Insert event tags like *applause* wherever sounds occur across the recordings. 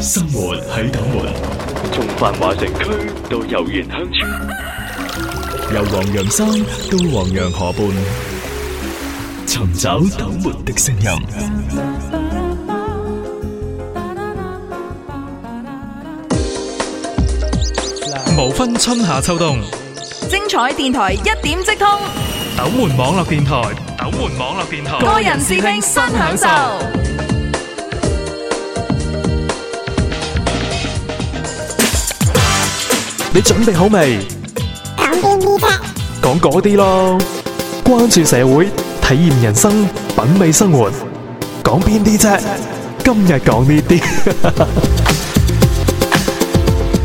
生活喺斗門，從繁華城區到悠然鄉村，由黃楊山到黃楊河畔，尋找斗門的聲音。無分春夏秋冬，精彩電台一點即通。斗門網絡電台，斗門網絡電台，個人視聽，新享受。你準備好未？講邊啲啫？講嗰啲咯。關注社會，體驗人生，品味生活。講邊啲啫？今日講呢啲。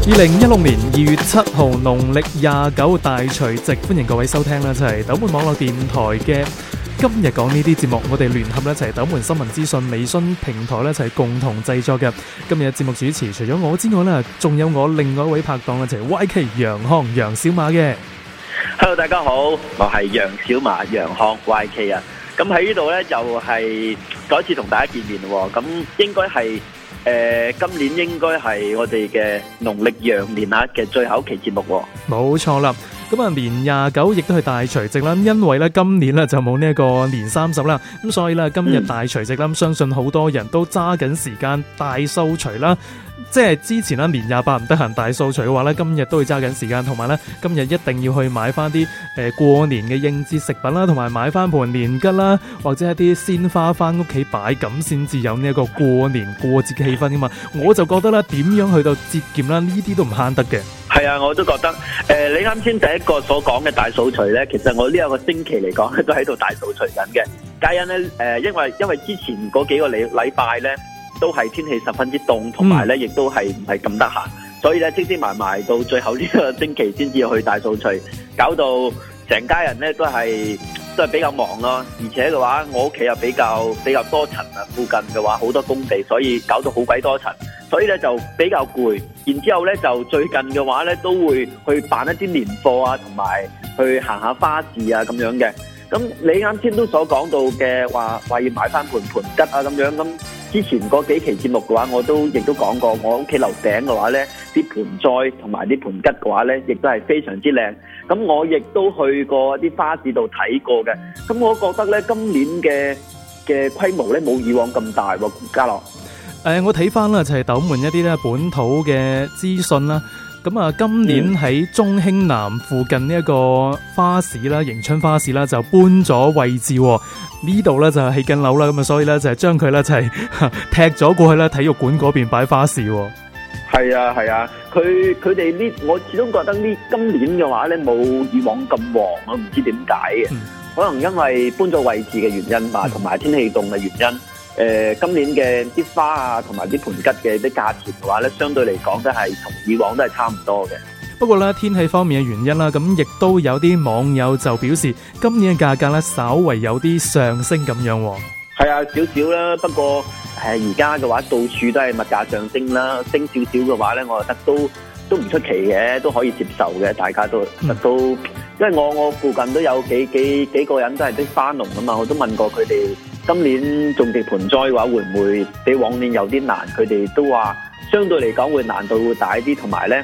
二零一六年二月七號，農曆廿九大除夕，歡迎各位收聽啦！就係斗門網絡電台嘅。今日講呢啲節目，我哋聯合一齊斗門新聞資訊微信平台咧一齊共同製作嘅。今日節目主持除咗我之外咧，仲有我另外一位拍檔啊，就係 YK 楊康楊小馬嘅。Hello，大家好，我係楊小馬楊康 YK 啊。咁喺呢度咧，又係再一次同大家見面喎。咁應該係誒，今年應該係我哋嘅農曆羊年啊嘅最後一期節目。冇錯啦。咁啊，年廿九亦都係大除夕啦，因為咧今年咧就冇呢一個年三十啦，咁所以咧今日大除夕啦，相信好多人都揸緊時間大掃除啦，即係之前啦年廿八唔得閒大掃除嘅話咧，今日都會揸緊時間，同埋咧今日一定要去買翻啲誒過年嘅應節食品啦，同埋買翻盤年桔啦，或者一啲鮮花翻屋企擺，咁先至有呢一個過年過節嘅氣氛啊嘛，我就覺得咧點樣去到節儉啦，呢啲都唔慳得嘅。係啊，我都覺得誒、呃，你啱先第一個所講嘅大掃除呢，其實我呢兩個星期嚟講都喺度大掃除緊嘅。皆因呢誒、呃，因為因為之前嗰幾個禮禮拜呢都係天氣十分之凍，同埋呢亦都係唔係咁得閒，所以呢，積積埋埋到最後呢個星期先至去大掃除，搞到成家人呢都係都係比較忙咯。而且嘅話，我屋企又比較比較多塵啊，附近嘅話好多工地，所以搞到好鬼多塵。所以咧就比較攰，然之後咧就最近嘅話咧都會去辦一啲年貨啊，同埋去行下花市啊咁樣嘅。咁你啱先都所講到嘅話話要買翻盆盆桔啊咁樣，咁之前嗰幾期節目嘅話我都亦都講過，我屋企樓頂嘅話咧啲盆栽同埋啲盆桔嘅話咧亦都係非常之靚。咁我亦都去過啲花市度睇過嘅。咁我覺得咧今年嘅嘅規模咧冇以往咁大喎，家樂。誒、呃，我睇翻啦，就係、是、斗門一啲咧本土嘅資訊啦。咁啊，今年喺中興南附近呢一個花市啦，迎春花市啦，就搬咗位置。呢度咧就係起緊樓啦，咁啊，所以咧就係將佢咧就係、是、踢咗過去啦，體育館嗰邊擺花市。係啊，係啊，佢佢哋呢，我始終覺得呢今年嘅話咧冇以往咁旺，我唔知點解嘅， *laughs* 可能因為搬咗位置嘅原因吧，同埋天氣凍嘅原因。誒、呃，今年嘅啲花啊，同埋啲盆桔嘅啲價錢嘅話咧，相對嚟講都係同以往都係差唔多嘅。不過咧，天氣方面嘅原因啦，咁亦都有啲網友就表示，今年嘅價格咧，稍微有啲上升咁樣。係啊，少少啦。不過誒，而家嘅話到處都係物價上升啦，升少少嘅話咧，我覺得都都唔出奇嘅，都可以接受嘅。大家都都，嗯、因為我我附近都有幾幾幾個人都係啲花農啊嘛，我都問過佢哋。今年種地盆栽嘅話，會唔會比往年有啲難？佢哋都話相對嚟講會難度會大啲，同埋呢，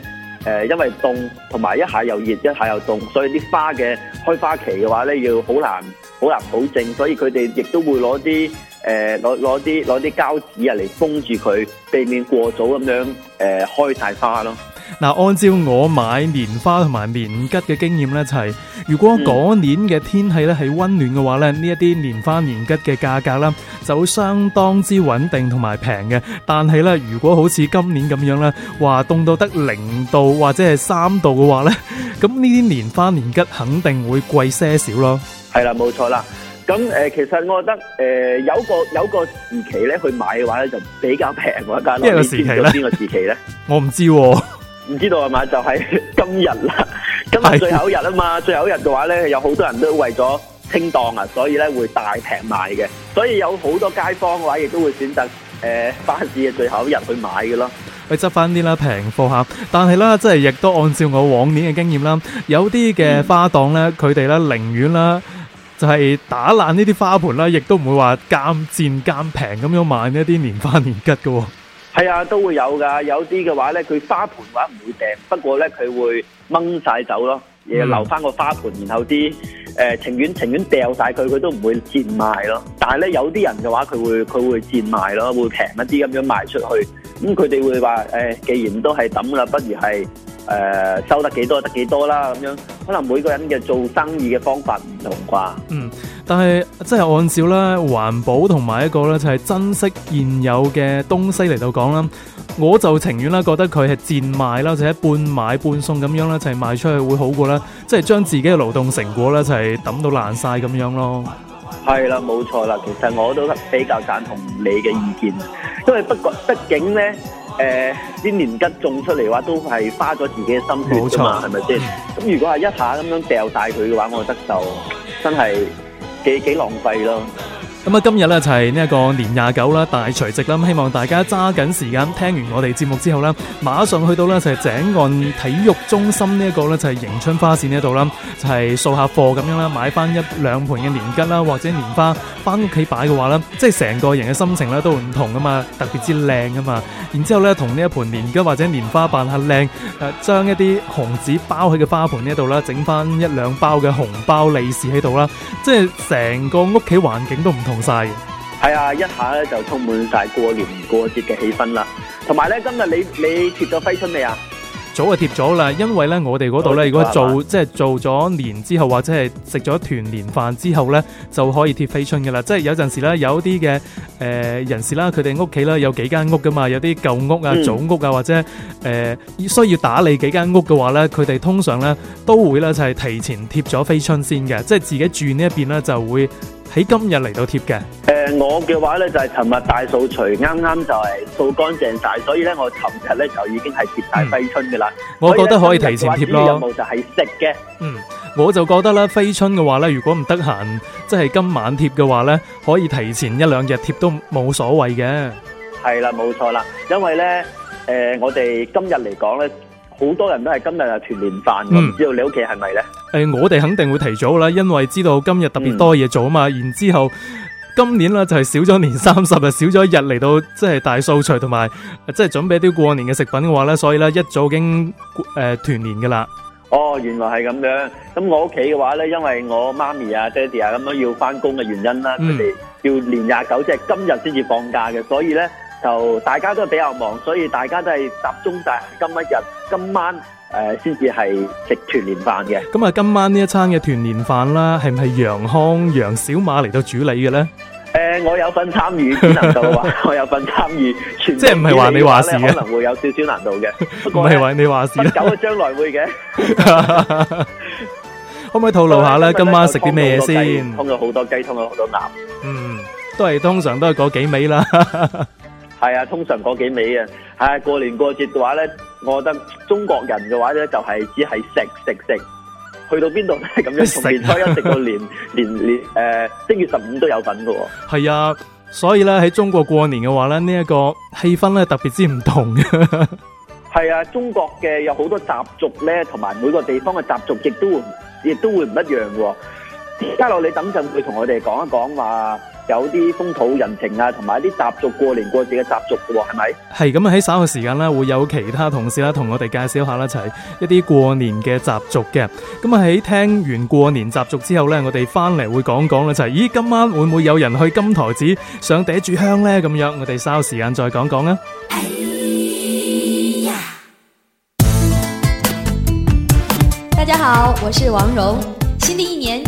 誒、呃，因為凍，同埋一下又熱，一下又凍，所以啲花嘅開花期嘅話呢，要好難，好難保證，所以佢哋亦都會攞啲，誒、呃，攞攞啲攞啲膠紙啊嚟封住佢，避免過早咁樣，誒、呃，開晒花咯。嗱，按照我買年花同埋年桔嘅經驗咧、就是，就係如果嗰年嘅天氣咧係溫暖嘅話咧，呢一啲年花年桔嘅價格啦，就會相當之穩定同埋平嘅。但係咧，如果好似今年咁樣咧，話凍到得零度或者係三度嘅話咧，咁呢啲年花年桔肯定會貴些少咯。係啦，冇錯啦。咁、呃、誒，其實我覺得誒、呃，有個有個時期咧去買嘅話咧，就比較平喎，一間。邊個時期咧？時期呢我唔知。啊唔知道係咪？就係、是、今日啦，今日最後一日啊嘛，的最後一日嘅話呢，有好多人都為咗清檔啊，所以呢會大平賣嘅，所以有好多街坊嘅話，亦都會選擇誒花市嘅最後一日去買嘅咯。去執翻啲啦，平貨客，但係啦，真係亦都按照我往年嘅經驗啦，有啲嘅花檔呢，佢哋呢寧願啦，就係打爛呢啲花盆啦，亦都唔會話間賤間平咁樣賣呢啲年花年桔嘅。係啊，嗯、都會有噶，有啲嘅話咧，佢花盆嘅話唔會掟，不過咧佢會掹晒走咯，留翻個花盆，然後啲誒、呃、情願情願掉晒佢，佢都唔會賤賣咯。但係咧有啲人嘅話，佢會佢會賤賣咯，會平一啲咁樣賣出去。咁佢哋會話誒、哎，既然都係抌啦，不如係誒、呃、收得幾多得幾多啦咁樣。可能每個人嘅做生意嘅方法唔同啩。嗯。但係即係按照咧環保同埋一個咧就係、是、珍惜現有嘅東西嚟到講啦，我就情願啦覺得佢係賤賣啦，就係、是、半賣半送咁樣啦，就係、是、賣出去會好過啦，即係將自己嘅勞動成果啦就係、是、抌到爛晒咁樣咯的。係啦，冇錯啦，其實我都比較讚同你嘅意見，因為不過畢竟咧，誒、呃、啲年桔種出嚟嘅話都係花咗自己嘅心血噶嘛，係咪先？咁 *laughs* 如果係一下咁樣掉晒佢嘅話，我覺得就真係。幾幾浪費咯～咁啊，今日咧就係呢一個年廿九啦，大除夕啦，咁希望大家揸緊時間，聽完我哋節目之後呢，馬上去到呢，就係井岸體育中心呢一個呢就係迎春花市呢度啦，就係掃下貨咁樣啦，買翻一兩盆嘅年桔啦，或者年花，翻屋企擺嘅話咧，即係成個人嘅心情咧都唔同噶嘛，特別之靚噶嘛。然之後咧，同呢一盆年桔或者年花扮下靚，誒，將一啲紅紙包喺個花盆呢度啦，整翻一兩包嘅紅包利是喺度啦，即係成個屋企環境都唔同。晒係啊，一下咧就充滿晒過年過節嘅氣氛啦。同埋咧，今日你你貼咗揮春未啊？早啊，貼咗啦。因為咧，我哋嗰度咧，如果做即係做咗年之後，或者係食咗團年飯之後咧，就可以貼揮春噶啦。即係有陣時咧，有啲嘅誒人士啦，佢哋屋企啦有幾間屋噶嘛，有啲舊屋啊、祖、嗯、屋啊，或者誒、呃、需要打理幾間屋嘅話咧，佢哋通常咧都會咧就係提前貼咗揮春先嘅，即係自己住呢一邊咧就會。喺今日嚟到貼嘅，誒，我嘅話咧就係尋日大掃除，啱啱就係掃乾淨晒，所以咧我尋日咧就已經係貼晒揮春嘅啦。我覺得可以提前貼咯。第二任務就係食嘅。嗯，我就覺得啦，揮春嘅話咧，如果唔得閒，即係今晚貼嘅話咧，可以提前一兩日貼都冇所謂嘅。係啦，冇錯啦，因為咧，誒，我哋今日嚟講咧。好多人都係今日啊團年飯，我唔知道你屋企係咪咧？誒，我哋肯定會提早啦，因為知道今日特別多嘢做啊嘛。然之後今年咧就係少咗年三十，又少咗一日嚟到，即係大掃除同埋即係準備啲過年嘅食品嘅話咧，所以咧一早已經誒團年噶啦。哦，原來係咁樣。咁我屋企嘅話咧，因為我媽咪啊、爹哋啊咁樣要翻工嘅原因啦，佢哋要年廿九即係今日先至放假嘅，所以咧。就大家都比較忙，所以大家都係集中大今一日今晚誒，先至係食團年飯嘅。咁啊，今晚呢、呃、一餐嘅團年飯啦，係唔係楊康、楊小馬嚟到主理嘅咧？誒、呃，我有份參與，有難度我有份參與，即係唔係話你話事可能會有少少難度嘅。唔係話你話事有將來會嘅。 *laughs* *laughs* 可唔可以透露下咧？今晚食啲咩嘢先？通咗好多雞，通咗好多鴨。嗯，都係通常都係嗰幾味啦。 *laughs* 係啊，通常嗰幾味啊，啊，過年過節嘅話咧，我覺得中國人嘅話咧就係、是、只係食食食，去到邊度都係咁樣，從麼年初一食到年年 *laughs* 年，誒，呃、正月十五都有份噶、哦。係啊，所以咧喺中國過年嘅話咧，這個、氣、呢一個氣氛咧特別之唔同嘅。係啊，中國嘅有好多習俗咧，同埋每個地方嘅習俗亦都會亦都會唔一樣嘅、哦。嘉樂，你等陣會同我哋講一講話有啲風土人情啊，同埋一啲習俗，過年過節嘅習俗喎，係咪？係咁啊！喺稍後時間咧，會有其他同事咧同我哋介紹下呢、就是、一齊一啲過年嘅習俗嘅。咁啊，喺聽完過年習俗之後咧，我哋翻嚟會講講咧，就係咦，今晚會唔會有人去金台寺上第一炷香咧？咁樣，我哋稍後時間再講講啦。哎呀！大家好，我是王蓉。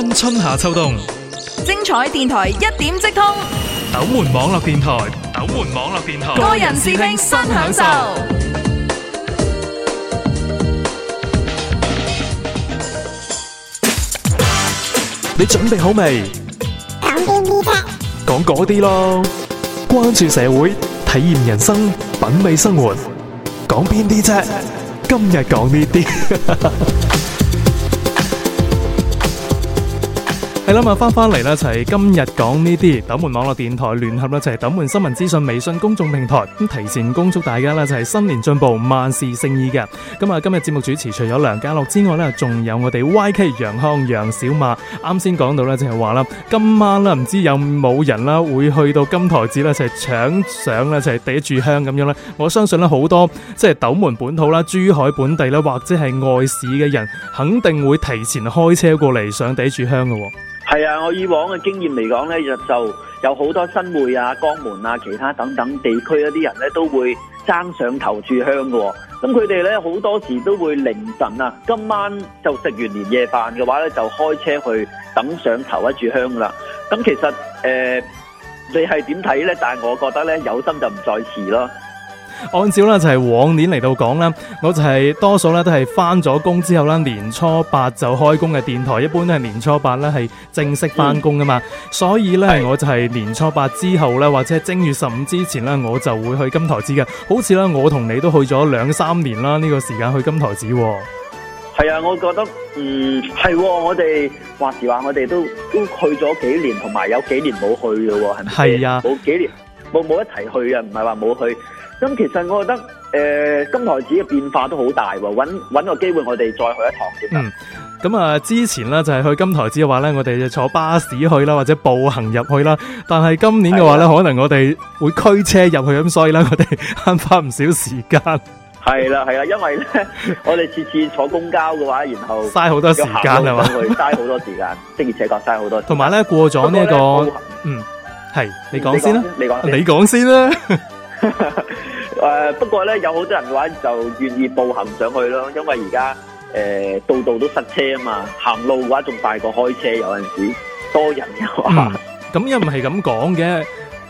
分春夏秋冬，精彩電台一點即通。斗門網絡電台，斗門網絡電台，個人視聽新享受。你準備好未？講邊啲啫？講嗰啲咯。關注社會，體驗人生，品味生活。講邊啲啫？今日講呢啲。係啦，咁翻翻嚟呢就係、是、今日講呢啲斗門網絡電台聯合呢就係、是、斗門新聞資訊微信公眾平台咁，提前恭祝大家呢就係、是、新年進步，萬事勝意嘅。咁啊，今日節目主持除咗梁家樂之外呢，仲有我哋 YK 楊康、楊小馬。啱先講到呢就係話啦，今晚啦，唔知有冇人啦會去到金台寺呢就係、是、搶上呢就係、是、第一炷香咁樣呢，我相信呢好多即係、就是、斗門本土啦、珠海本地啦，或者係外市嘅人，肯定會提前開車過嚟上第一炷香喎。係啊，我以往嘅經驗嚟講咧，就就有好多新會啊、江門啊、其他等等地區一啲人咧，都會爭上頭柱香嘅。咁佢哋咧好多時都會凌晨啊，今晚就食完年夜飯嘅話咧，就開車去等上頭一柱香啦。咁其實誒、呃，你係點睇咧？但係我覺得咧，有心就唔再遲咯。按照咧就係、是、往年嚟到講啦，我就係多數咧都係翻咗工之後啦，年初八就開工嘅電台，一般都係年初八咧係正式翻工噶嘛，嗯、所以咧是我就係年初八之後咧，或者正月十五之前咧，我就會去金台寺嘅。好似咧我同你都去咗兩三年啦，呢、這個時間去金台寺。係啊，我覺得嗯係、啊，我哋話時話我哋都都去咗幾年，同埋有幾年冇去嘅係咪？係啊，冇幾年，冇冇一齊去啊，唔係話冇去。咁、嗯、其實我覺得，誒、呃，金台寺嘅變化都好大喎，揾揾個機會我哋再去一趟先啦。咁啊、嗯嗯嗯，之前咧就係、是、去金台寺嘅話咧，我哋就坐巴士去啦，或者步行入去啦。但係今年嘅話咧，的可能我哋會驅車入去，咁所以咧我哋慳翻唔少時間。係啦係啦，因為咧我哋次次坐公交嘅話，然後嘥好多時間係嘛，嘥好多時間，並且仲嘥好多時間。同埋咧過咗呢一個，嗯，係你講先啦，你講，你講先啦。誒， *laughs* 不過咧有好多人嘅話就願意步行上去咯，因為而家誒度度都塞車啊嘛，行路嘅話仲快過開車，有陣時多人嘅話。咁又唔係咁講嘅，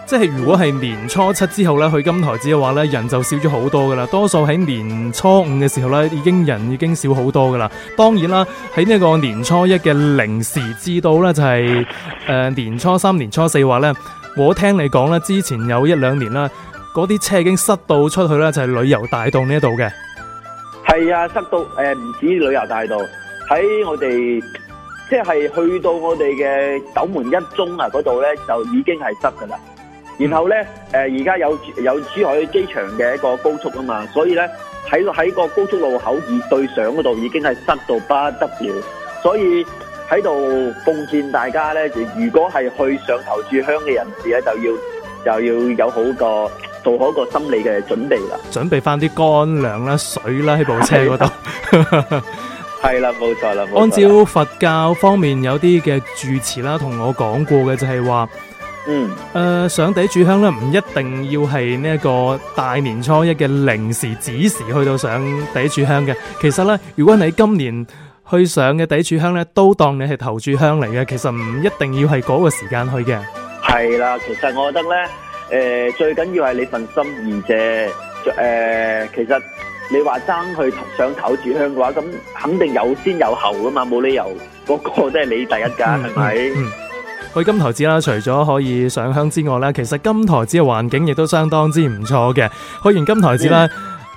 即係如果係年初七之後咧去金台寺嘅話咧，人就少咗好多噶啦。多數喺年初五嘅時候咧，已經人已經少好多噶啦。當然啦，喺呢個年初一嘅零時至到咧，就係、是、誒、呃、年初三、年初四嘅話咧，我聽你講咧，之前有一兩年啦。嗰啲車已經塞到出去啦，就係、是、旅遊大道呢度嘅。係啊，塞到誒唔、呃、止旅遊大道，喺我哋即係去到我哋嘅斗門一中啊嗰度咧就已經係塞噶啦。然後咧誒，而家有有珠海機場嘅一個高速啊嘛，所以咧喺喺個高速路口而對上嗰度已經係塞到不得了。所以喺度奉勸大家咧，就如果係去上頭住鄉嘅人士咧，就要就要有好個。做好一個心理嘅準備啦，準備翻啲乾糧啦、水啦、啊、喺部車嗰度。係啦的，冇 *laughs* 錯啦。錯按照佛教方面有啲嘅住持啦，同我講過嘅就係、是、話，嗯，誒、呃，上第一柱香咧，唔一定要係呢一個大年初一嘅零時子時去到上第一柱香嘅。其實咧，如果你今年去上嘅第一柱香咧，都當你係頭柱香嚟嘅。其實唔一定要係嗰個時間去嘅。係啦，其實我覺得咧。誒、呃，最緊要係你份心而，意啫。誒，其實你話爭去上頭炷香嘅話，咁肯定有先有後噶嘛，冇理由，個、那個都係你第一架，係咪、嗯嗯嗯？去金台寺啦，除咗可以上香之外咧，其實金台寺嘅環境亦都相當之唔錯嘅。去完金台寺啦，誒、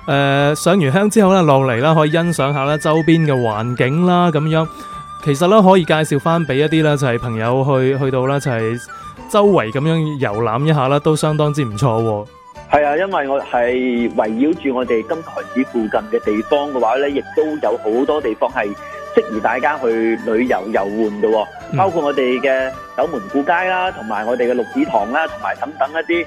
嗯呃，上完香之後咧，落嚟啦，可以欣賞下啦，周邊嘅環境啦，咁樣。其實咧可以介紹翻俾一啲咧就係、是、朋友去去到咧就係、是、周圍咁樣遊覽一下啦，都相當之唔錯。係啊，因為我係圍繞住我哋金台寺附近嘅地方嘅話咧，亦都有好多地方係，適宜大家去旅遊遊玩嘅，包括我哋嘅九門古街啦，同埋我哋嘅六指塘啦，同埋等等一啲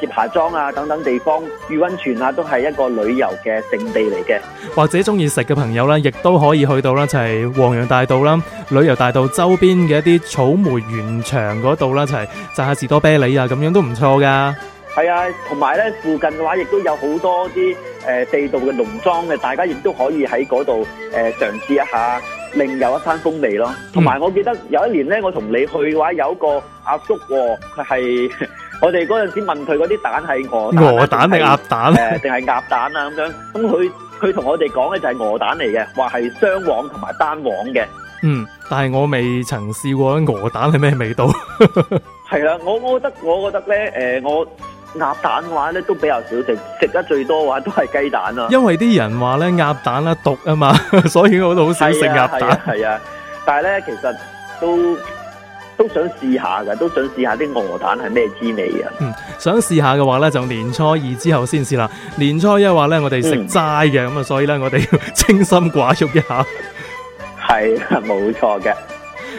誒接霞莊啊等等地方，御溫泉啊都係一個旅遊嘅勝地嚟嘅。或者中意食嘅朋友咧，亦都可以去到啦，就係黃楊大道啦、旅遊大道周邊嘅一啲草莓園場嗰度啦，就係摘下士多啤梨啊，咁樣都唔錯噶。係啊，同埋咧，附近嘅話亦都有好多啲誒地道嘅農莊嘅，大家亦都可以喺嗰度誒嘗試一下，另有一番風味咯。同埋我記得有一年咧，我同你去嘅話，有一個阿叔，佢係我哋嗰陣時問佢嗰啲蛋係鵝蛋定係鴨蛋咧，定係鴨蛋啊咁樣。咁佢佢同我哋講嘅就係鵝蛋嚟嘅，話係雙黃同埋單黃嘅。嗯，但係我未曾試過鵝蛋係咩味道。係啦，我我覺得我覺得咧，誒我。鴨蛋嘅話咧都比較少食，食得最多嘅話都係雞蛋啊。因為啲人話咧，鴨蛋咧毒啊嘛，所以我都好少食鴨蛋。係啊，係啊，係啊，但係咧，其實都都想試下嘅，都想試下啲鵝蛋係咩滋味啊。嗯，想試下嘅話咧就年初二之後先試啦。年初一嘅話咧我哋食齋嘅，咁啊、嗯、所以咧我哋要清心寡欲一下。係，冇錯嘅。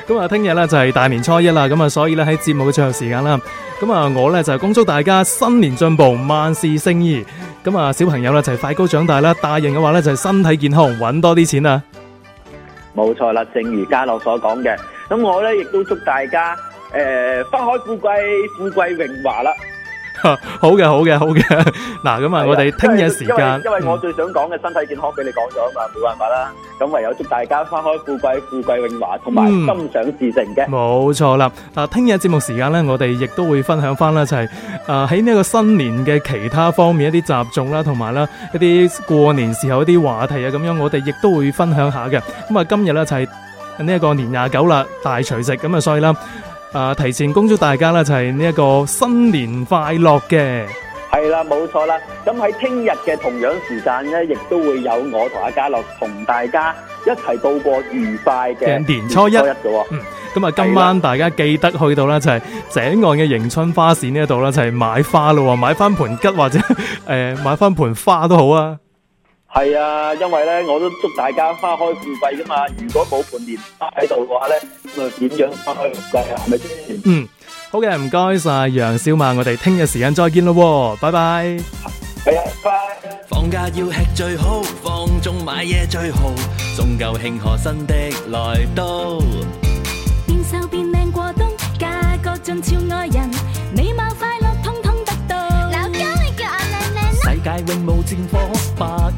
咁啊，聽日咧就係大年初一啦，咁啊，所以咧喺節目嘅最後時間啦，咁啊，我咧就係恭祝大家新年進步，萬事勝意，咁啊，小朋友啦就係快高長大啦，大人嘅話咧就係身體健康，搵多啲錢啊！冇錯啦，正如家樂所講嘅，咁我咧亦都祝大家誒，花開富貴，富貴榮華啦。好嘅，好嘅，好嘅。嗱，咁啊，我哋聽日時間，因為因為我最想講嘅身體健康俾你講咗啊嘛，冇辦法啦。咁唯有祝大家花開富貴，富貴榮華，同埋心想事成嘅。冇錯啦。嗱，聽日節目時間咧，我哋亦都會分享翻咧，就係誒喺呢一個新年嘅其他方面一啲習俗啦，同埋啦一啲過年時候一啲話題啊，咁樣我哋亦都會分享下嘅。咁啊，今日咧就係呢一個年廿九啦，大除夕，咁啊，所以啦。啊！提前恭祝大家啦，就係呢一個新年快樂嘅。係啦，冇錯啦。咁喺聽日嘅同樣時間咧，亦都會有我同阿家樂同大家一齊度過愉快嘅年初一嘅。嗯，咁啊，今晚大家記得去到咧就係井岸嘅迎春花市呢一度啦，就係買花咯，買翻盆吉或者誒買翻盆花都好啊。係啊，因為咧，我都祝大家花開富貴噶嘛。如果冇半年花喺度嘅話咧，咁啊點樣花開富貴啊？係咪先？嗯，好嘅，唔該晒楊少曼，我哋聽日時間再見咯，拜拜。係啊，拜。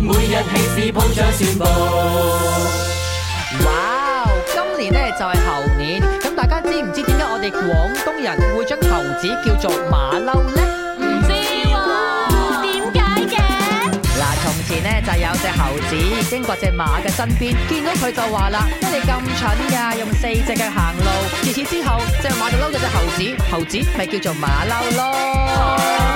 每日起哇！今年呢就係、是、猴年。咁大家知唔知點解我哋廣東人會將猴子叫做馬騮呢？唔知，啊，點解嘅？嗱，從前呢就有隻猴子經過隻馬嘅身邊，見到佢就話啦，乜你咁蠢噶？用四隻腳行路。自此之後，隻馬就嬲咗隻猴子，猴子咪叫做馬騮咯。